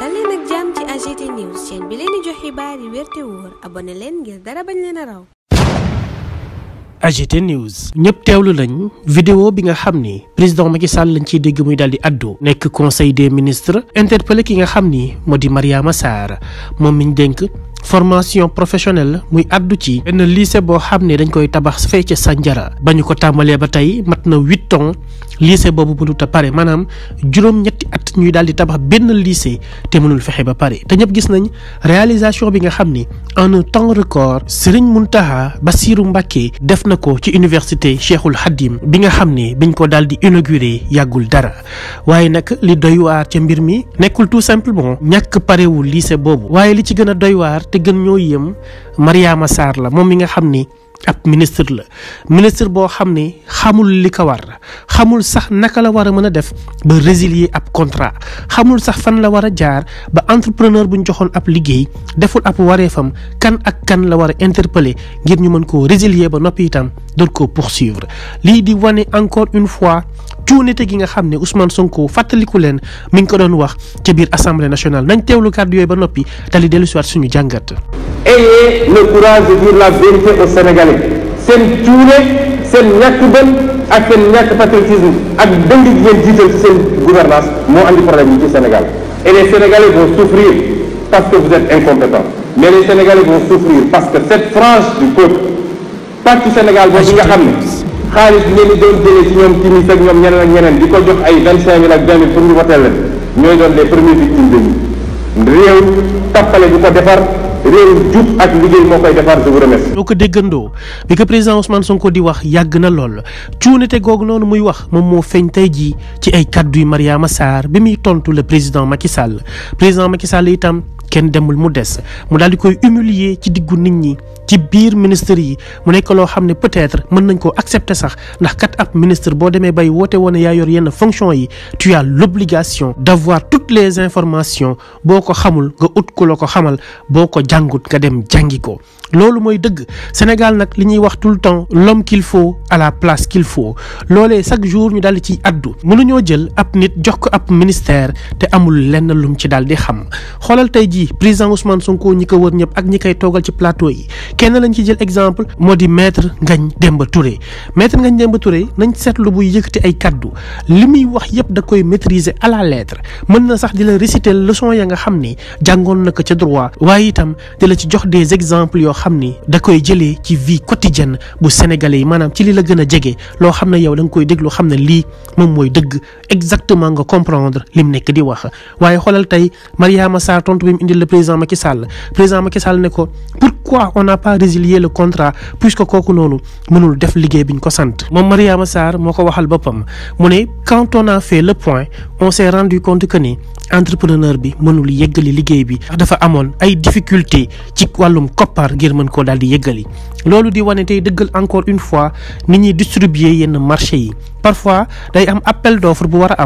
dal leen ak jàmm ci AGT news chaîne ñëpp teewlu lañ video bi nga xam ni président Macky Sall lañ ciy dégg muy daal di addu nekk conseil des ministres interpellé ki nga xam ni moo di Mariama saara moom miñ dénk formation professionnelle muy àddu ci benn lycée boo xam ne dañ koy tabax fee ca Sandiara ba ñu ko tàmbalee ba tey mat na huit ans lycée boobu mënut a pare maanaam juróom-ñetti at ñuy daal di tabax benn lycée te mënul fexe ba pare te ñëpp gis nañ réalisation bi nga xam ni en un temps record Serigne Mountakha Bassirou Mbacké def na ko ci université Cheikhul Khadim bi nga xam ne biñ ko daal di inauguré yàggul dara waaye nag li doy waar ca mbir mi nekkul tout simplement ñàkk parewul lycée boobu waaye li ci gën a doy waar te gën ñoo yëm Mariama Sarr la moom mi nga xam ni ab ministre la ministre boo xam ni xamul li ko war xamul sax naka la war a mën a def ba résilier ab contrat xamul sax fan la war a jaar ba entrepreneur bu ñu joxoon ab liggéey deful ab wareefam kan ak kan la war a interpeller ngir ñu mën koo résilier ba noppi itam doon koo poursuivre lii di wane encore une fois cuunite gi nga xam ne Ousmane Sonko fàttaliku leen mi ngi ko doon wax ci biir assemblée nationale nañ teewlu kàddu yooyu ba noppi dali dellusiwaat suñu jàngat. ayez le courage de dire la vérité aux Sénégalais seen cuune seen ñàkk bën ak seen ñàkk patriotisme ak dëng gi jiital ci seen gouvernance moo andi problème yi ci Sénégal et les Sénégalais vont souffrir parce que vous êtes incompétents mais les Sénégalais vont souffrir parce que cette frange du nga xam xaalis ngeen di doon jëlee ci ñoom timis ak ñoom ñeneen ak ñeneen di ko jox ay vingt cinq mille ak vingt mille pour ñu woteel leen ñooy doon les premiers victimes de ñu réew tappale du ko defar réew jub ak liggéey moo koy defar je vous remercie. ñoo ko déggandoo bi ko président Ousmane ko di wax yàgg na lool cuunate googu noonu muy wax moom moo feeñ tey jii ci ay kaddu yu Mariama Sarr bi muy tontu le président Macky Sall président Macky Sall itam. kenn demul mu des mu daal di koy humilier ci diggu nit ñi ci biir ministre yi mu nekk loo xam ne peut-être mën nañ koo accepter sax ndax kat ab ministre boo demee bay woote woon yaa yor yenn fonction yi tu as l'obligation d'avoir toutes les informations boo ko xamul nga ut ko la ko xamal boo ko jàngut nga dem jàngi ko loolu mooy dëgg Sénégal nag li ñuy wax tout le temps l'homme qu'il faut à la place qu'il faut loolee chaque jour ñu daal di ciy addu mënuñoo jël ab nit jox ko ab ministère te amul lenn lum ci daal di xam ji président Ousmane Sonko ñi ko wër ñëpp ak ñi koy toogal ci plateau yi kenn lañ ci jël exemple moo di maître Ngagne Demba Touré maître Ngagne Demba Touré nañ seetlu buy yëkkati ay kaddu li muy wax yëpp da koy maîtriser à la lettre mën na sax di la réciter leçon ya nga xam ni jàngoon na ko ca droit waaye itam di la ci jox des exemples yoo xam ni da koy jëlee ci vie jenn bu sénégalais yi maanaam ci li la gën a jege loo xam ne yow da nga koy déglu xam ne lii moom mooy dëgg exactement nga comprendre lim nekk di wax indil le président Macky Sall président Macky Sall ne ko pourquoi on n'a pas résilié le contrat puisque kooku noonu mënul def liggéey bi ñu ko sant. moom Mariama Sarr moo ko waxal boppam mu ne quand on a le point on s'est rendu compte que ni entrepreneur bi mënul yëggali liggéey bi dafa amoon ay difficulté ci wàllum koppar ngir mën koo daal di loolu di wane tey dëggal encore une fois nit ñuy distribuer yenn marché yi parfois day am appel d'offre bu a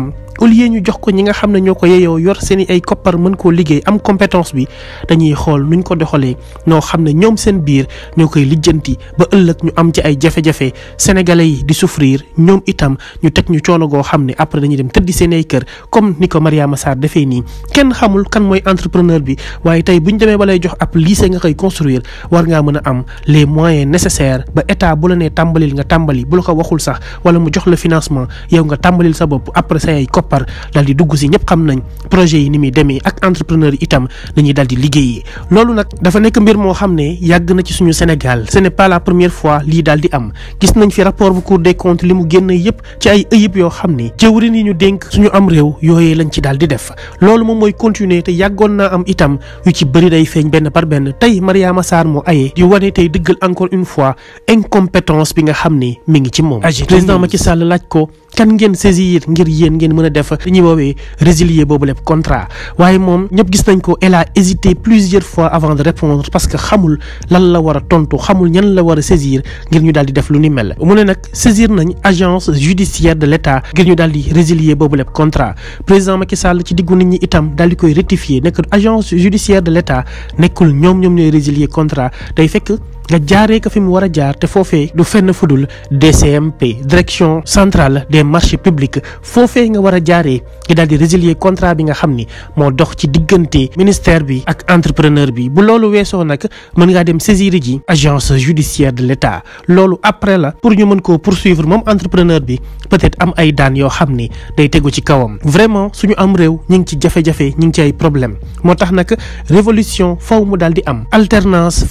au lieu ñu jox ko ñi nga xam ne ñoo ko yeyoo yor seen i ay koppar mën koo liggéey am compétence bi dañuy xool nuñ ko doxalee ñoo xam ne ñoom seen biir ñoo koy lijjanti ba ëllëg ñu am ci ay jafe-jafe sénégalais yi di souffrir ñoom itam ñu teg ñu coono goo xam ne après dañuy dem tëddi seen ay kër comme ni ko Mariama Sarr defee nii kenn xamul kan mooy entrepreneur bi waaye tey bu ñu demee ba jox ab lycée nga koy construire war ngaa mën a am les moyens nécessaires ba état bu la nee tàmbalil nga tàmbali bu la ko waxul sax wala mu jox la financement yow nga tàmbalil sa bopp après say koppar dal di dugg si ñëpp xam nañ projet yi ni muy demee ak entrepreneur yi itam nañuy dal di liggéeyee loolu nag dafa nekk mbir moo xam ne yàgg na ci suñu Sénégal ce n'est pas première fois lii daal di am gis nañ fi rapport bu Cour des comptes li mu génn yëpp ci ay ëyib yoo xam ne jëwrin yi ñu dénk suñu am réew yooyee lañ ci daal di def loolu moom mooy continuer te yàggoon naa am itam yu ci bëri day feeñ benn par benn tey Mariama Sarr moo aye yu wane tey dëggal encore une fois incompétence bi nga xam ne mi ngi ci moom président Macky Sall laaj ko kan ngeen saisir ngir yéen ngeen mën a def li ñuy woowee résilier boobu lépp contrat waaye moom ñëpp gis nañ ko elle a hésité plusieurs fois avant de répondre parce que xamul lan la war a tontu xamul ñan la war a saisir ngir ñu daal di def lu ni mel mu ne nag saisir nañ agence judiciaire de l'État ngir ñu daal di résilier boobu lépp contrat président Macky Sall ci diggu nit ñi itam daal di koy rectifier nekk agence judiciaire de l'État nekkul ñoom ñoom ñooy résilier contrat day fekk nga jaaree ko fi mu war a jaar te foofee du fenn fudul DCMP direction centrale des marché publics foofee nga war a jaaree nga daal di résilier contrat bi nga xam ni moo dox ci diggante ministère bi ak entrepreneur bi bu loolu weesoo nag mën ngaa dem saisir ji agence judiciaire de l'État loolu après la pour ñu mën koo poursuivre moom entrepreneur bi peut-être am ay daan yoo xam ni day tegu ci kawam vraiment suñu am réew ñu ngi ci jafe-jafe ñu ngi ci ay problème moo tax nag révolution mu daal di am alternance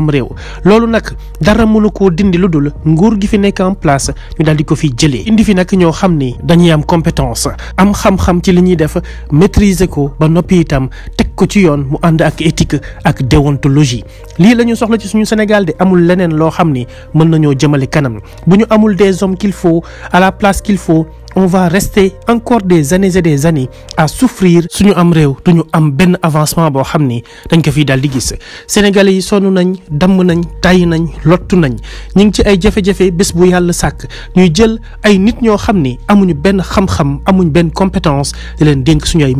am réew loolu nag dara mënu koo dindi lu dul nguur gi fi nekk en place ñu daal di ko fi jëlee indi fi nag ñoo xam ni dañuy am compétence am xam-xam ci li ñuy def maîtriser ko ba noppi itam teg ko ci yoon mu ànd ak éthique ak déontologie lii la ñu soxla ci suñu Sénégal de amul leneen loo xam ni mën nañoo jëmale kanam bu ñu amul des hommes qu'il faut à la place qu'il faut on va rester encore des années et des années à souffrir suñu am réew ñu am benn avancement boo xam ni dañ ko fii daal di gis sénégalais yi sonn nañ damm nañ tàyyi nañ lott nañ ñu ngi ci ay jafe-jafe bés bu yàlla sàkk ñuy jël ay nit ñoo xam ni amuñu benn xam-xam amuñ benn compétence di leen dénk suñu ay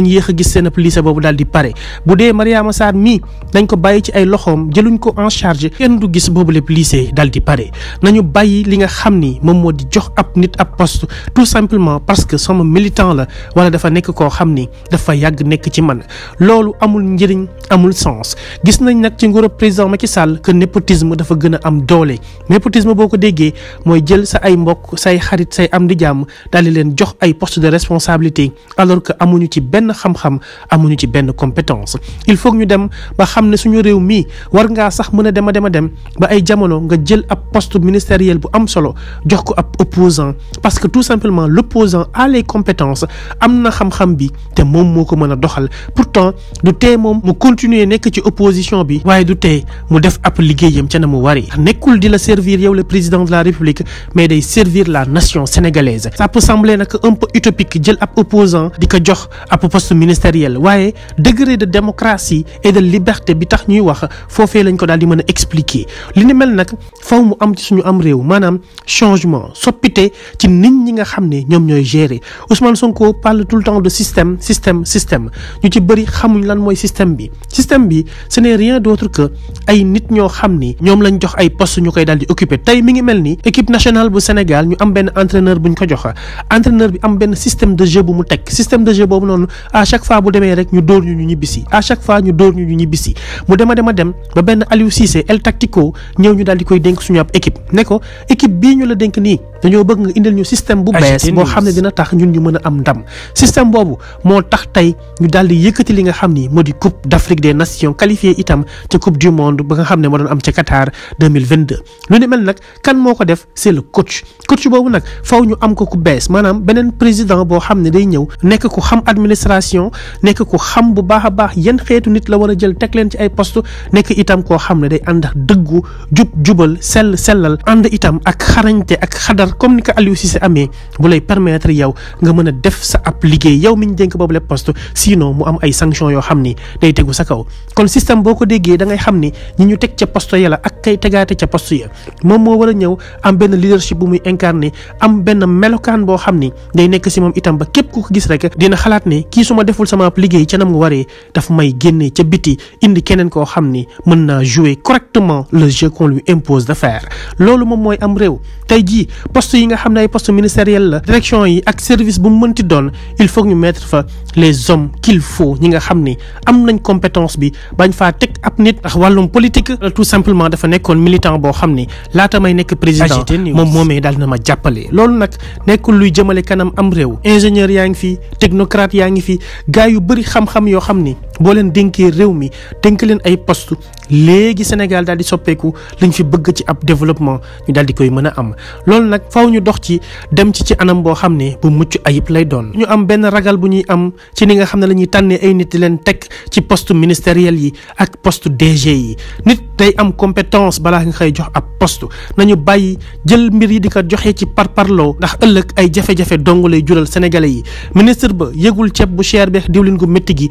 dinañ yéex a gis seen ab lycée boobu daal di pare bu dee Mariama Sarr mii dañ ko bàyyi ci ay loxoom jëluñ ko en charge kenn du gis boobu lépp lycée daal di pare nañu bàyyi li nga xam ni moom moo di jox ab nit ab post tout simplement parce que sama militant la wala dafa nekk koo xam ni dafa yàgg nekk ci man loolu amul njëriñ amul sens gis nañ nag ci nguuru président ci Sall que népotisme dafa gën a am doole népotisme boo ko déggee mooy jël sa ay mbokk say xarit say am di jàmm daal leen jox ay poste de responsabilité benn xam-xam amuñu ci benn compétence il faut ñu dem ba xam ne suñu réew mii war ngaa sax mën a dem a dem a dem ba ay jamono nga jël ab poste ministériel bu am solo jox ko ab opposant parce que tout simplement l'opposant a les am na xam-xam bi te moom moo ko mën a doxal pourtant du tee moom mu continuer nekk ci opposition bi waaye du tee mu def ab liggéeyam ca na mu wari nekkul di la servir yow le président de la république mais day servir la nation sénégalaise poste ministériel waaye degré de démocratie et de liberté bi tax ñuy wax foofee lañ ko daal di mën a expliquer li ni mel nag faw mu am ci suñu am réew maanaam changement soppite ci nit ñi nga xam ne ñoom ñooy gérer Ousmane Sonko parle tout le temps de système système système ñu ci bëri xamuñ lan mooy système bi système bi ce n'est rien ay nit ñoo xam ni ñoom lañ jox ay poste ñu koy daal di occuper tey mi ngi mel ni équipe nationale bu Sénégal ñu am benn entraîneur buñ ko jox entraîneur bi am benn système de jeu bu mu teg système de jeu boobu noonu à chaque fois bu demee rek ñu dóor ñu ñu ñibbisi à chaque fois ñu dóor ñu ñu ñibbisi mu dem a dem a dem ba benn Aliou Cissé El Tactico ñëw ñu daal di koy dénk suñu ab équipe ne ko équipe bii ñu la dénk nii dañoo bëgg nga indil ñu système bu bees boo xam ne dina tax ñun ñu mën a am ndam système boobu moo tax tey ñu daal di yëkkati li nga xam ni moo di coupe d'Afrique des nations qualifiée itam ca coupe du monde ba nga xam ne moo doon am ca Qatar 2022 lu ni mel nag kan moo ko def c'est le coach coach boobu nag faw ñu am ko ku bees maanaam beneen président boo xam ne day ñëw administration nekk ko xam bu baax a baax yan xeetu nit la war a jël teg leen ci ay poste nekk itam koo xam ne day ànd ak dëggu jub jubal sell sellal ànd itam ak xarañte ak xadar comme ni ko Aliou Cissé amee bu lay permettre yow nga mën a def sa ab liggéey yow mi ñu dénk boobu le poste sinon mu am ay sanctions yoo xam ni day tegu sa kaw kon système boo ko déggee da ngay xam ni ñi ñu teg ca post ya la ak kay tegaate ca post ya moom moo war a ñëw am benn leadership bu muy incarné am benn melokaan boo xam ni day nekk si moom itam ba képp ku ko gis rek kii su ma deful sama liggéey ca nam nga waree daf may génne le jeu qu'on lui impose de faire loolu moom mooy am réew tey jii poste yi nga xam ne ay poste ministériel la direction yi ak service bu mu mënti doon il faut ñu mettre fa les hommes nga xam ni am nañ compétence bi bañ faa teg ab nit ndax wàllum politique tout simplement dafa nekkoon militant boo xam ni laata may nekk président moom moomee daal na ma jàppale loolu nag nekkul luy jëmale kanam am réew ingénieur yaa ngi fi technocrate yaa ngi fi fi gars yu bëri xam yoo xam ni boo leen dénkee réew mi dénk leen ay poste léegi Sénégal daal di soppeeku lañ fi bëgg ci ab développement ñu daal di koy mën a am loolu nag faw ñu dox ci dem ci ci anam boo xam ne bu mucc ayib lay doon. ñu am benn ragal bu ñuy am ci ni nga xam ne la tànnee ay nit di leen teg ci poste ministériel yi ak poste DG yi nit day am compétence balaa nga koy jox ab poste nañu bàyyi jël mbir yi di ko joxe ci par parparloo ndax ëllëg ay jafe-jafe dong lay jural sénégalais yi ministre ba yëgul ceeb bu cher beex diwlin gu métti gi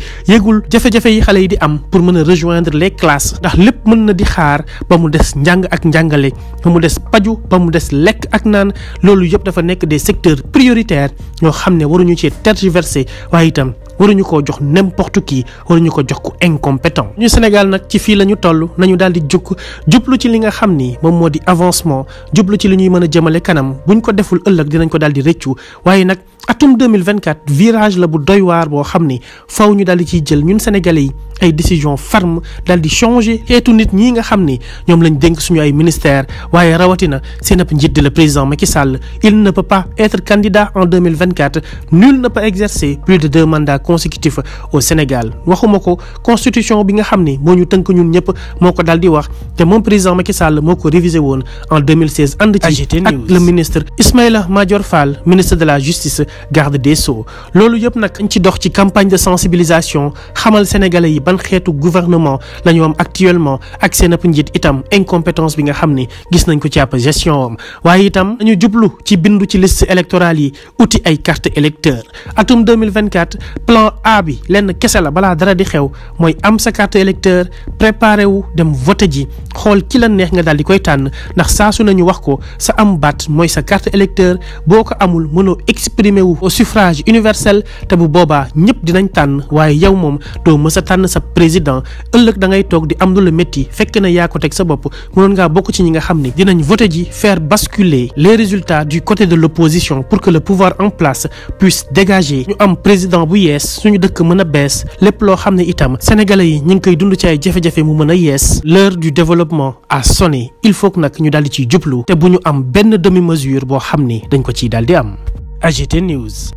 jafe-jafe yi xale yi di am pour mën a rejoindre les classes ndax lépp mën na di xaar ba mu des njàng ak njàngale ba mu des paju ba mu des lekk ak naan loolu yëpp dafa nekk des secteurs prioritaires ñoo xam ne waruñu ci tergiverser waaye itam waruñu ko jox n'importe qui waruñu ko jox ku incompétent ñu Sénégal nag ci fii la ñu toll nañu daal di jukk jublu ci li nga xam ni moom moo di avancement jublu ci li ñuy mën a jëmale kanam buñ ko deful ëllëg dinañ ko daal di rëccu waaye nag atum 2024 virage la bu doy waar boo xam ni faw ñu daal di ciy jël ñun sénégalais ay décision ferme daal di changer xeetu nit ñi nga xam ni ñoom lañ denk suñu ay ministère waaye rawatina seen ab njiit di le président Macky Sall il ne pa pas être candidat en 2024 nul ne peut exercer plus de deux mandats consécutifs au Sénégal waxuma ko constitution bi nga xam ni moo ñu tënk ñun ñëpp moo ko daal di wax te moom président Macky Sall moo ko révisé woon en 2016 ànd ci ak le ministre Ismaïla Madior de la justice garde de sceaux loolu yëpp nag ñu ci dox ci campagne de sensibilisation xamal sénégalais yi ban xeetu gouvernement la ñu am actuellement ak seen ab njiit itam incompétence bi nga xam ni gis nañ ko ci ab gestion am waaye itam dañu jublu ci bindu ci liste électorale yi uti ay carte électeur atum 2024 plan A bi lenn kese la balaa dara di xew mooy am sa carte électeur préparé wu dem voté ji xool ki la neex nga daal di koy tànn ndax saa su nañu wax ko sa am baat mooy sa borné wu au suffrage universel te bu boobaa ñëpp dinañ tànn waaye yow moom doo mës a tànn sa président ëllëg da ngay toog di am lu la métti fekk na yaa ko teg sa bopp mënoon ngaa bokk ci ñi nga xam ne dinañ voté ji fair basculer les résultat du côté de l'opposition pour que le pouvoir en place puisse dégager ñu am président bu yees suñu dëkk mën a bees lépp loo xam ne itam sénégalais yi ñu ngi koy dund ci ay jafe-jafe mu mën a yees l'heure du développement à sonné il faut que nag ñu daal di ciy jublu te bu ñu am benn demi mesure boo xam ni dañ ko ciy daal di am AGT News